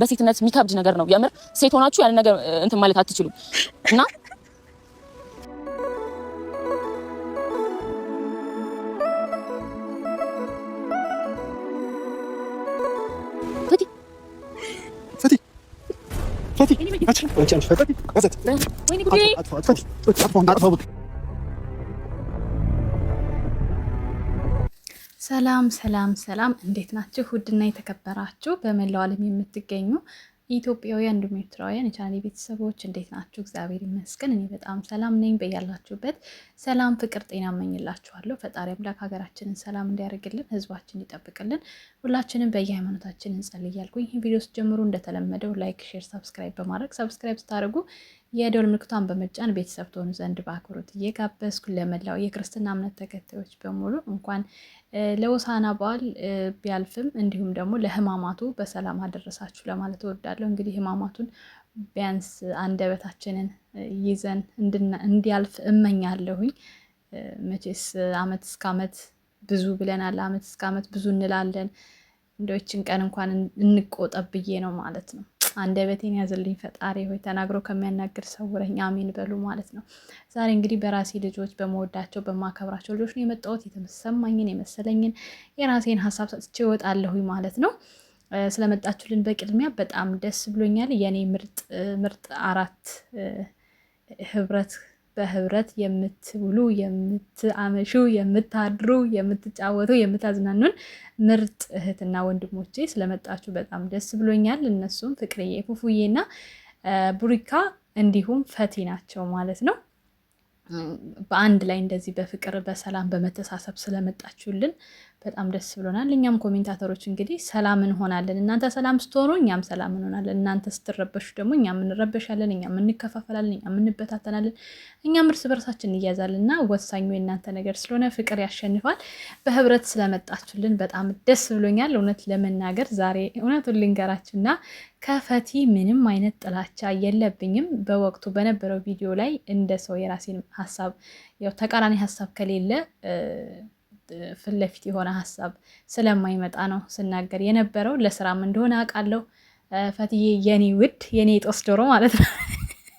በሴትነት የሚከብድ ነገር ነው። የምር ሴት ሆናችሁ ያን ነገር እንትን ማለት አትችሉም እና ፈቲ ፈቲ ሰላም ሰላም ሰላም፣ እንዴት ናችሁ? ውድና የተከበራችሁ በመላው ዓለም የምትገኙ ኢትዮጵያውያን እንዲሁም ኤርትራውያን የቻናሌ ቤተሰቦች እንዴት ናችሁ? እግዚአብሔር ይመስገን እኔ በጣም ሰላም ነኝ። በያላችሁበት ሰላም፣ ፍቅር፣ ጤና እመኝላችኋለሁ። ፈጣሪ አምላክ ሀገራችንን ሰላም እንዲያደርግልን፣ ህዝባችን ይጠብቅልን። ሁላችንም በየሃይማኖታችን እንጸልይ ይህ ቪዲዮ ስጀምሩ እንደተለመደው ላይክ፣ ሼር፣ ሰብስክራይብ በማድረግ ሰብስክራይብ ስታደርጉ የደወል ምልክቷን በመጫን ቤተሰብ ትሆኑ ዘንድ በአክብሮት እየጋበዝኩ ለመላው የክርስትና እምነት ተከታዮች በሙሉ እንኳን ለሆሳዕና በዓል ቢያልፍም እንዲሁም ደግሞ ለሕማማቱ በሰላም አደረሳችሁ ለማለት እወዳለሁ። እንግዲህ ሕማማቱን ቢያንስ አንደበታችንን ይዘን እንዲያልፍ እመኛለሁኝ። መቼስ ዓመት እስከ ዓመት ብዙ ብለናል፣ ዓመት እስከ ዓመት ብዙ እንላለን። እንደው ቀን እንኳን እንቆጠብ ብዬ ነው ማለት ነው። አንደበቴን ያዝልኝ ፈጣሪ ሆይ ተናግሮ ከሚያናግር ሰውረኝ፣ አሜን በሉ ማለት ነው። ዛሬ እንግዲህ በራሴ ልጆች በመወዳቸው በማከብራቸው ልጆች ነው የመጣሁት። የተሰማኝን የመሰለኝን የራሴን ሀሳብ ሰጥቼ እወጣለሁኝ ማለት ነው። ስለመጣችሁልን በቅድሚያ በጣም ደስ ብሎኛል። የኔ ምርጥ ምርጥ አራት ህብረት በህብረት የምትውሉ የምትአመሹ፣ የምታድሩ፣ የምትጫወቱ፣ የምታዝናኑን ምርጥ እህትና ወንድሞቼ ስለመጣችሁ በጣም ደስ ብሎኛል። እነሱም ፍቅርዬ፣ ፉፉዬና ቡሪካ እንዲሁም ፈቲ ናቸው ማለት ነው። በአንድ ላይ እንደዚህ በፍቅር በሰላም በመተሳሰብ ስለመጣችሁልን በጣም ደስ ብሎናል። እኛም ኮሜንታተሮች እንግዲህ ሰላም እንሆናለን። እናንተ ሰላም ስትሆኑ እኛም ሰላም እንሆናለን። እናንተ ስትረበሹ ደግሞ እኛም እንረበሻለን፣ እኛም እንከፋፈላለን፣ እኛም እንበታተናለን፣ እኛም እርስ በርሳችን እንያዛለን እና ወሳኙ የእናንተ ነገር ስለሆነ ፍቅር ያሸንፋል። በህብረት ስለመጣችሁልን በጣም ደስ ብሎኛል። እውነት ለመናገር ዛሬ እውነቱን ልንገራችሁና ከፈቲ ምንም አይነት ጥላቻ የለብኝም። በወቅቱ በነበረው ቪዲዮ ላይ እንደ ሰው የራሴን ሀሳብ ያው ተቃራኒ ሀሳብ ከሌለ ፊት ለፊት የሆነ ሀሳብ ስለማይመጣ ነው ስናገር የነበረው። ለስራም እንደሆነ አውቃለሁ። ፈትዬ የኔ ውድ የኔ ጦስ ዶሮ ማለት ነው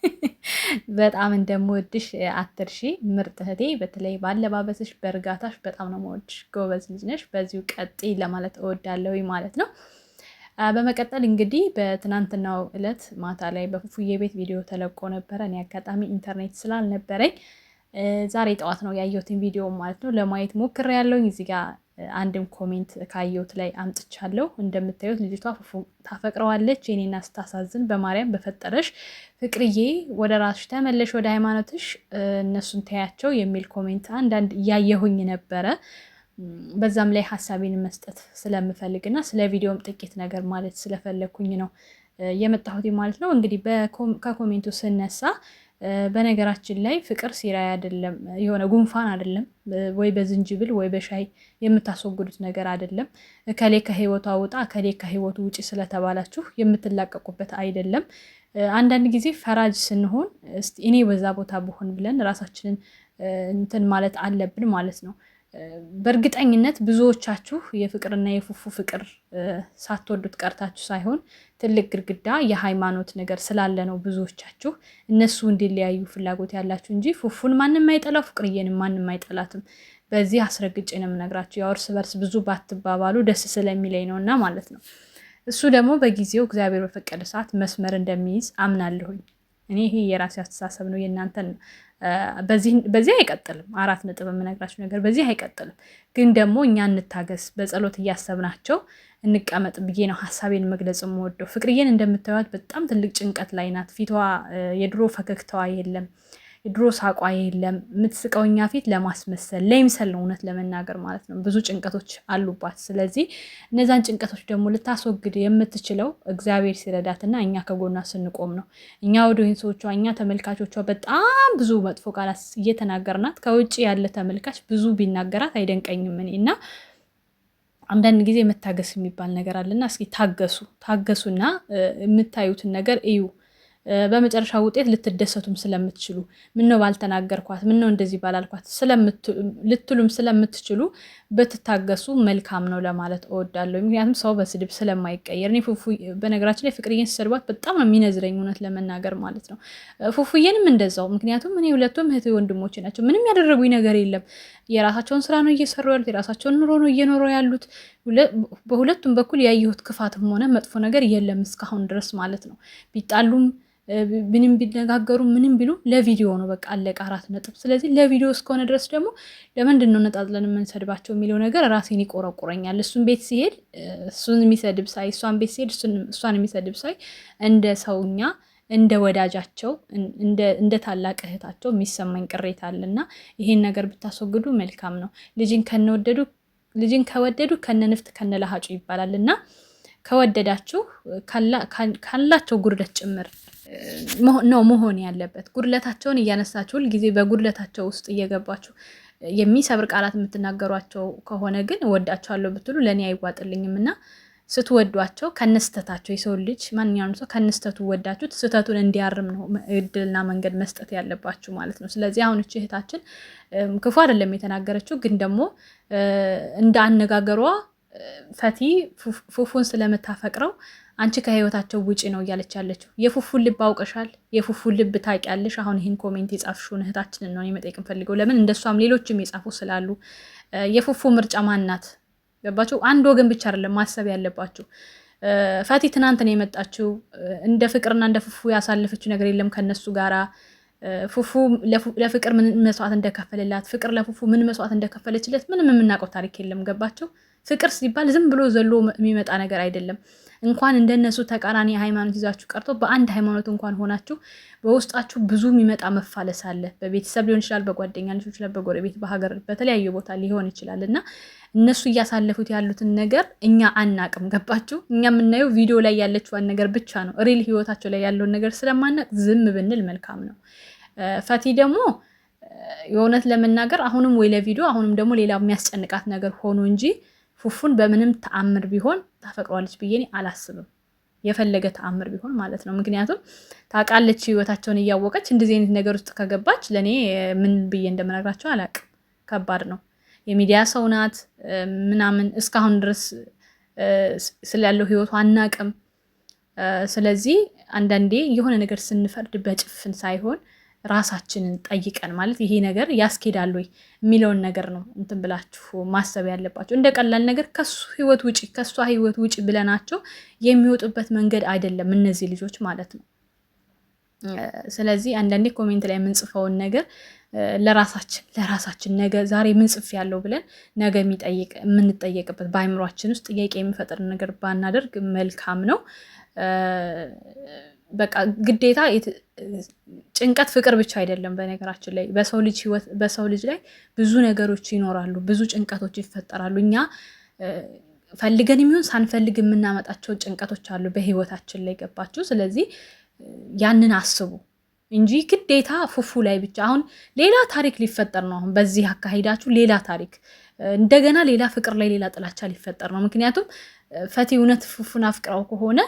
በጣም እንደምወድሽ አትርሺ፣ ምርጥ እህቴ። በተለይ ባለባበስሽ፣ በእርጋታሽ በጣም ነው የምወድሽ። ጎበዝ ልጅ ነሽ። በዚሁ ቀጥይ ለማለት እወዳለሁ ማለት ነው። በመቀጠል እንግዲህ በትናንትናው እለት ማታ ላይ በፉዬ ቤት ቪዲዮ ተለቆ ነበረ። እኔ አጋጣሚ ኢንተርኔት ስላልነበረኝ ዛሬ ጠዋት ነው ያየሁትን ቪዲዮ ማለት ነው ለማየት ሞክሬ ያለውኝ እዚህ ጋር አንድም ኮሜንት ካየሁት ላይ አምጥቻለሁ። እንደምታዩት ልጅቷ ታፈቅረዋለች። የኔና ስታሳዝን በማርያም በፈጠረሽ ፍቅርዬ ወደ ራስሽ ተመለሽ፣ ወደ ሃይማኖትሽ፣ እነሱን ተያቸው የሚል ኮሜንት አንዳንድ እያየሁኝ ነበረ። በዛም ላይ ሀሳቤን መስጠት ስለምፈልግ እና ስለ ቪዲዮም ጥቂት ነገር ማለት ስለፈለግኩኝ ነው የመጣሁት ማለት ነው። እንግዲህ ከኮሜንቱ ስነሳ በነገራችን ላይ ፍቅር ሲራይ አይደለም፣ የሆነ ጉንፋን አይደለም ወይ በዝንጅብል ወይ በሻይ የምታስወግዱት ነገር አይደለም። ከሌ ከህይወቱ አውጣ ከሌ ከህይወቱ ውጪ ስለተባላችሁ የምትላቀቁበት አይደለም። አንዳንድ ጊዜ ፈራጅ ስንሆን እኔ በዛ ቦታ ብሆን ብለን ራሳችንን እንትን ማለት አለብን ማለት ነው። በእርግጠኝነት ብዙዎቻችሁ የፍቅርና የፉፉ ፍቅር ሳትወዱት ቀርታችሁ ሳይሆን ትልቅ ግድግዳ የሃይማኖት ነገር ስላለ ነው። ብዙዎቻችሁ እነሱ እንዲለያዩ ፍላጎት ያላችሁ እንጂ ፉፉን ማንም አይጠላው፣ ፍቅርዬንም ማንም አይጠላትም። በዚህ አስረግጬ ነው የምነግራችሁ። ያው እርስ በርስ ብዙ ባትባባሉ ደስ ስለሚለኝ ነው እና ማለት ነው። እሱ ደግሞ በጊዜው እግዚአብሔር በፈቀደ ሰዓት መስመር እንደሚይዝ አምናለሁኝ። እኔ ይሄ የራሴ አስተሳሰብ ነው። የእናንተን በዚህ አይቀጥልም። አራት ነጥብ የምነግራቸው ነገር በዚህ አይቀጥልም። ግን ደግሞ እኛ እንታገስ፣ በጸሎት እያሰብናቸው እንቀመጥ ብዬ ነው ሀሳቤን መግለጽ የምወደው። ፍቅርዬን እንደምታዩት በጣም ትልቅ ጭንቀት ላይ ናት። ፊቷ የድሮ ፈገግታዋ የለም። የድሮ ሳቋ የለም። የምትስቀው እኛ ፊት ለማስመሰል ለይምሰል እውነት ለመናገር ማለት ነው። ብዙ ጭንቀቶች አሉባት። ስለዚህ እነዛን ጭንቀቶች ደግሞ ልታስወግድ የምትችለው እግዚአብሔር ሲረዳትና እኛ ከጎኗ ስንቆም ነው። እኛ ኦዲየንሶቿ፣ እኛ ተመልካቾቿ በጣም ብዙ መጥፎ ቃላት እየተናገርናት ከውጭ ያለ ተመልካች ብዙ ቢናገራት አይደንቀኝም እኔ እና አንዳንድ ጊዜ መታገስ የሚባል ነገር አለና እስኪ ታገሱ ታገሱና የምታዩትን ነገር እዩ። በመጨረሻ ውጤት ልትደሰቱም ስለምትችሉ ምነው ባልተናገርኳት፣ ምነው እንደዚህ ባላልኳት ልትሉም ስለምትችሉ ብትታገሱ መልካም ነው ለማለት እወዳለሁ። ምክንያቱም ሰው በስድብ ስለማይቀየር። እኔ ፉፉ በነገራችን ላይ ፍቅርዬን ስሰድባት በጣም ነው የሚነዝረኝ፣ እውነት ለመናገር ማለት ነው። ፉፉዬንም እንደዛው። ምክንያቱም እኔ ሁለቱም እህት ወንድሞች ናቸው። ምንም ያደረጉኝ ነገር የለም። የራሳቸውን ስራ ነው እየሰሩ ያሉት። የራሳቸውን ኑሮ ነው እየኖሩ ያሉት። በሁለቱም በኩል ያየሁት ክፋትም ሆነ መጥፎ ነገር የለም እስካሁን ድረስ ማለት ነው ቢጣሉም ምንም ቢነጋገሩ ምንም ቢሉ ለቪዲዮ ነው፣ በቃ አለቀ፣ አራት ነጥብ። ስለዚህ ለቪዲዮ እስከሆነ ድረስ ደግሞ ለምንድን ነው ነጣጥለን የምንሰድባቸው የሚለው ነገር ራሴን ይቆረቁረኛል። እሱን ቤት ሲሄድ እሱን የሚሰድብ ሳይ፣ እሷን ቤት ሲሄድ እሷን የሚሰድብ ሳይ እንደ ሰውኛ እንደ ወዳጃቸው እንደ ታላቅ እህታቸው የሚሰማኝ ቅሬታ አለና ይሄን ነገር ብታስወግዱ መልካም ነው። ልጅን ከነወደዱ ልጅን ከወደዱ ከነንፍት ከነላሃጩ ይባላል እና ከወደዳችሁ ካላቸው ጉርደት ጭምር ነው መሆን ያለበት። ጉድለታቸውን እያነሳችሁ ሁልጊዜ በጉድለታቸው ውስጥ እየገባችሁ የሚሰብር ቃላት የምትናገሯቸው ከሆነ ግን እወዳቸዋለሁ ብትሉ ለእኔ አይዋጥልኝም እና ስትወዷቸው ከነስተታቸው የሰው ልጅ ማንኛውም ሰው ከነስተቱ ወዳችሁት ስተቱን እንዲያርም ነው እድልና መንገድ መስጠት ያለባችሁ ማለት ነው። ስለዚህ አሁን እህታችን ክፉ አይደለም የተናገረችው፣ ግን ደግሞ እንደ አነጋገሯ ፈቲ ፉፉን ስለምታፈቅረው አንቺ ከህይወታቸው ውጪ ነው እያለች ያለችው። የፉፉን ልብ አውቀሻል፣ የፉፉን ልብ ታውቂያለሽ። አሁን ይህን ኮሜንት የጻፍሽውን እህታችንን ነው መጠየቅ እንፈልገው። ለምን እንደሷም ሌሎችም የጻፉ ስላሉ የፉፉ ምርጫ ማናት? ገባችሁ? አንድ ወገን ብቻ አይደለም ማሰብ ያለባችሁ። ፈቲ ትናንት ነው የመጣችው። እንደ ፍቅርና እንደ ፉፉ ያሳለፈችው ነገር የለም ከነሱ ጋራ ፉፉ ለፍቅር ምን መስዋዕት እንደከፈለላት፣ ፍቅር ለፉፉ ምን መስዋዕት እንደከፈለችለት ምንም የምናውቀው ታሪክ የለም። ገባችሁ? ፍቅር ሲባል ዝም ብሎ ዘሎ የሚመጣ ነገር አይደለም። እንኳን እንደነሱ ተቃራኒ ሃይማኖት ይዛችሁ ቀርቶ በአንድ ሃይማኖት እንኳን ሆናችሁ በውስጣችሁ ብዙ የሚመጣ መፋለስ አለ። በቤተሰብ ሊሆን ይችላል፣ በጓደኛ ሊሆን ይችላል፣ በጎረቤት፣ በሀገር፣ በተለያዩ ቦታ ሊሆን ይችላል እና እነሱ እያሳለፉት ያሉትን ነገር እኛ አናቅም። ገባችሁ? እኛ የምናየው ቪዲዮ ላይ ያለችዋን ነገር ብቻ ነው። ሪል ህይወታቸው ላይ ያለውን ነገር ስለማናቅ ዝም ብንል መልካም ነው። ፈቲ ደግሞ የእውነት ለመናገር አሁንም ወይ ለቪዲዮ አሁንም ደግሞ ሌላ የሚያስጨንቃት ነገር ሆኖ እንጂ ፉፉን በምንም ተአምር ቢሆን ታፈቅረዋለች ብዬ አላስብም። የፈለገ ተአምር ቢሆን ማለት ነው። ምክንያቱም ታውቃለች፣ ህይወታቸውን እያወቀች እንደዚህ አይነት ነገር ውስጥ ከገባች ለእኔ ምን ብዬ እንደምነግራቸው አላቅም። ከባድ ነው። የሚዲያ ሰው ናት ምናምን፣ እስካሁን ድረስ ስላለው ህይወቱ አናቅም። ስለዚህ አንዳንዴ የሆነ ነገር ስንፈርድ በጭፍን ሳይሆን ራሳችንን ጠይቀን ማለት ይሄ ነገር ያስኬዳል ወይ የሚለውን ነገር ነው እንትን ብላችሁ ማሰብ ያለባቸው። እንደ ቀላል ነገር ከሱ ህይወት ውጭ ከሷ ህይወት ውጪ ብለናቸው የሚወጡበት መንገድ አይደለም እነዚህ ልጆች ማለት ነው። ስለዚህ አንዳንዴ ኮሜንት ላይ የምንጽፈውን ነገር ለራሳችን ለራሳችን ነገ ዛሬ ምን ጽፍ ያለው ብለን ነገ የምንጠየቅበት በአይምሯችን ውስጥ ጥያቄ የሚፈጥር ነገር ባናደርግ መልካም ነው። በቃ ግዴታ ጭንቀት ፍቅር ብቻ አይደለም። በነገራችን ላይ በሰው ልጅ ህይወት በሰው ልጅ ላይ ብዙ ነገሮች ይኖራሉ፣ ብዙ ጭንቀቶች ይፈጠራሉ። እኛ ፈልገን የሚሆን ሳንፈልግ የምናመጣቸው ጭንቀቶች አሉ በህይወታችን ላይ ገባችሁ። ስለዚህ ያንን አስቡ እንጂ ግዴታ ፉፉ ላይ ብቻ አሁን ሌላ ታሪክ ሊፈጠር ነው። አሁን በዚህ አካሂዳችሁ ሌላ ታሪክ እንደገና ሌላ ፍቅር ላይ ሌላ ጥላቻ ሊፈጠር ነው። ምክንያቱም ፈቲ እውነት ፉፉን አፍቅረው ከሆነ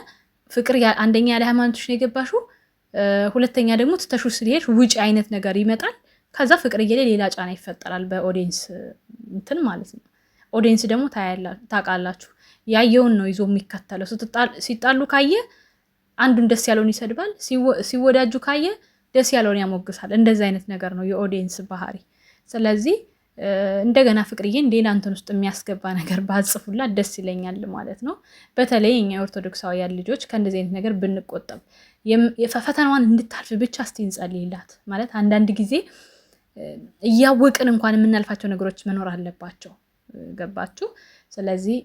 ፍቅር አንደኛ ያለ ሃይማኖትሽ ነው የገባሽው፣ ሁለተኛ ደግሞ ትተሹ ስሄድ ውጭ አይነት ነገር ይመጣል። ከዛ ፍቅር እየሌ ሌላ ጫና ይፈጠራል በኦዲንስ እንትን ማለት ነው። ኦዲንስ ደግሞ ታውቃላችሁ ያየውን ነው ይዞ የሚከተለው። ሲጣሉ ካየ አንዱን ደስ ያለውን ይሰድባል፣ ሲወዳጁ ካየ ደስ ያለውን ያሞግሳል። እንደዚህ አይነት ነገር ነው የኦዲንስ ባህሪ። ስለዚህ እንደገና ፍቅርዬ ሌላ እንትን ውስጥ የሚያስገባ ነገር ባጽፉላት ደስ ይለኛል ማለት ነው። በተለይ እኛ የኦርቶዶክሳውያን ልጆች ከእንደዚህ አይነት ነገር ብንቆጠብ፣ ፈተናዋን እንድታልፍ ብቻ እስቲ እንጸልይላት። ማለት አንዳንድ ጊዜ እያወቅን እንኳን የምናልፋቸው ነገሮች መኖር አለባቸው። ገባችሁ? ስለዚህ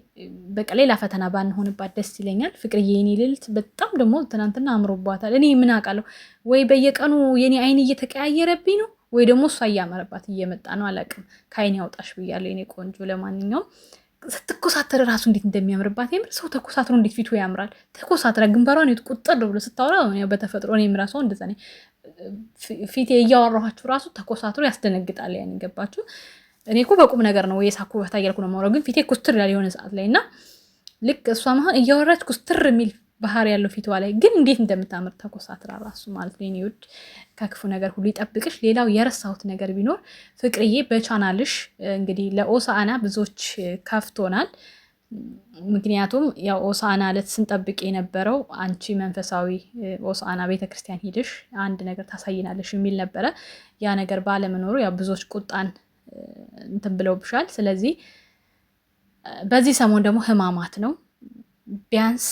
በቃ ሌላ ፈተና ባንሆንባት ደስ ይለኛል። ፍቅርዬ የኔ ልልት በጣም ደግሞ ትናንትና አምሮባታል። እኔ ምን አውቃለሁ ወይ በየቀኑ የኔ አይን እየተቀያየረብኝ ነው ወይ ደግሞ እሷ እያመረባት እየመጣ ነው። አላቅም ከአይን ያውጣሽ ብያለሁ የኔ ቆንጆ። ለማንኛውም ስትኮሳተር ራሱ እንዴት እንደሚያምርባት የምር ሰው ተኮሳትሮ እንዴት ፊቱ ያምራል። ተኮሳትራ ግንባሯን ቁጥር ብሎ ስታወራ በተፈጥሮ እኔም ራሱ እንደዛ ነኝ። ፊቴ እያወራኋችሁ ራሱ ተኮሳትሮ ያስደነግጣል። ያን ገባችሁ? እኔ እኮ በቁም ነገር ነው የሳኩ በታ እያልኩ ነው የማወራው፣ ግን ፊቴ ኩስትር ያለ የሆነ ሰዓት ላይ እና ልክ እሷ መሆን እያወራች ኩስትር የሚል ባህር ያለው ፊትዋ ላይ ግን እንዴት እንደምታምር ተኮሳትራ ራሱ ማለት ነው። የኔ ውድ ከክፉ ነገር ሁሉ ይጠብቅሽ። ሌላው የረሳሁት ነገር ቢኖር ፍቅርዬ በቻናልሽ እንግዲህ ለኦሳአና ብዙዎች ከፍቶናል። ምክንያቱም ያው ኦሳአና ዕለት ስንጠብቅ የነበረው አንቺ መንፈሳዊ ኦሳአና ቤተክርስቲያን ሄድሽ አንድ ነገር ታሳይናለሽ የሚል ነበረ። ያ ነገር ባለመኖሩ ያው ብዙዎች ቁጣን እንትን ብለውብሻል። ስለዚህ በዚህ ሰሞን ደግሞ ህማማት ነው ቢያንስ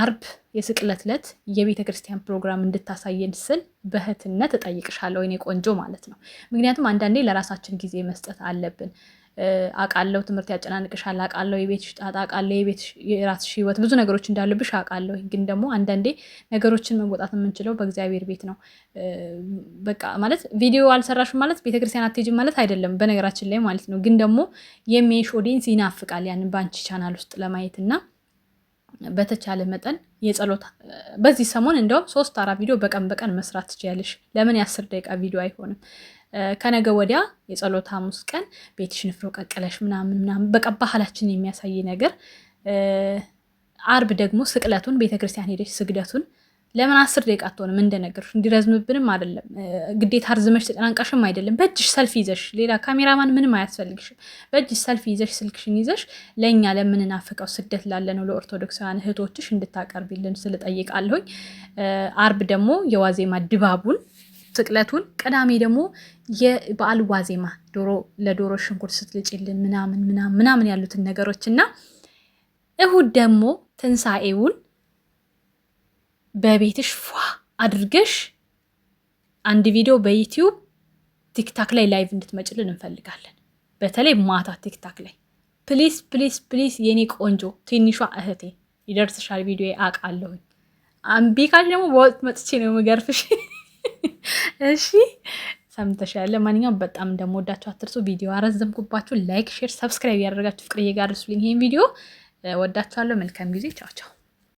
አርብ የስቅለት ዕለት የቤተ ክርስቲያን ፕሮግራም እንድታሳየን ስል በእህትነት እጠይቅሻለሁ የኔ ቆንጆ ማለት ነው። ምክንያቱም አንዳንዴ ለራሳችን ጊዜ መስጠት አለብን። አቃለው ትምህርት ያጨናንቅሻል፣ አቃለው የቤትሽ ጣጣ፣ አውቃለሁ የራስሽ ህይወት ብዙ ነገሮች እንዳሉብሽ አቃለው። ግን ደግሞ አንዳንዴ ነገሮችን መወጣት የምንችለው በእግዚአብሔር ቤት ነው። በቃ ማለት ቪዲዮ አልሰራሽም ማለት ቤተክርስቲያን አትሄጂም ማለት አይደለም፣ በነገራችን ላይ ማለት ነው። ግን ደግሞ የሚሽ ኦዲንስ ይናፍቃል ያንን በአንቺ ቻናል ውስጥ ለማየት እና በተቻለ መጠን የጸሎት በዚህ ሰሞን እንደውም ሶስት አራት ቪዲዮ በቀን በቀን መስራት ትችያለሽ። ለምን የአስር ደቂቃ ቪዲዮ አይሆንም? ከነገ ወዲያ የጸሎት ሐሙስ ቀን ቤትሽን ፍሮ ቀቅለሽ ምናምን ምናምን በቃ ባህላችን የሚያሳይ ነገር፣ አርብ ደግሞ ስቅለቱን ቤተክርስቲያን ሄደሽ ስግደቱን ለምን አስር ደቂቃ አትሆንም? እንደነገርሽ እንዲረዝምብንም አይደለም ግዴታ አርዝመሽ ተጨናንቀሽም አይደለም። በእጅሽ ሰልፊ ይዘሽ ሌላ ካሜራማን ምንም አያስፈልግሽም። በእጅሽ ሰልፊ ይዘሽ ስልክሽን ይዘሽ ለእኛ ለምንናፍቀው ስደት ላለ ነው ለኦርቶዶክሳውያን እህቶችሽ እንድታቀርቢልን ስለጠይቃለሁኝ። አርብ ደግሞ የዋዜማ ድባቡን ስቅለቱን፣ ቅዳሜ ደግሞ የበዓል ዋዜማ ዶሮ ለዶሮ ሽንኩርት ስትልጭልን ምናምን ምናምን ያሉትን ነገሮች እና እሁድ ደግሞ ትንሣኤውን በቤትሽ ፏ አድርገሽ አንድ ቪዲዮ በዩቲዩብ ቲክታክ ላይ ላይቭ እንድትመጭልን እንፈልጋለን። በተለይ ማታ ቲክታክ ላይ ፕሊስ ፕሊስ ፕሊስ፣ የኔ ቆንጆ ትንሿ እህቴ ይደርስሻል ቪዲዮ አውቃለሁኝ። አምቢ ካልሽ ደግሞ በወጥ መጥቼ ነው የምገርፍሽ። እሺ ሰምተሻል። ለማንኛውም በጣም እንደምወዳችሁ አትርሱ። ቪዲዮ አረዘምኩባችሁ። ላይክ፣ ሼር፣ ሰብስክራይብ ያደረጋችሁ ፍቅር እየጋርሱልኝ ይሄን ቪዲዮ ወዳችኋለሁ። መልካም ጊዜ። ቻው ቻው።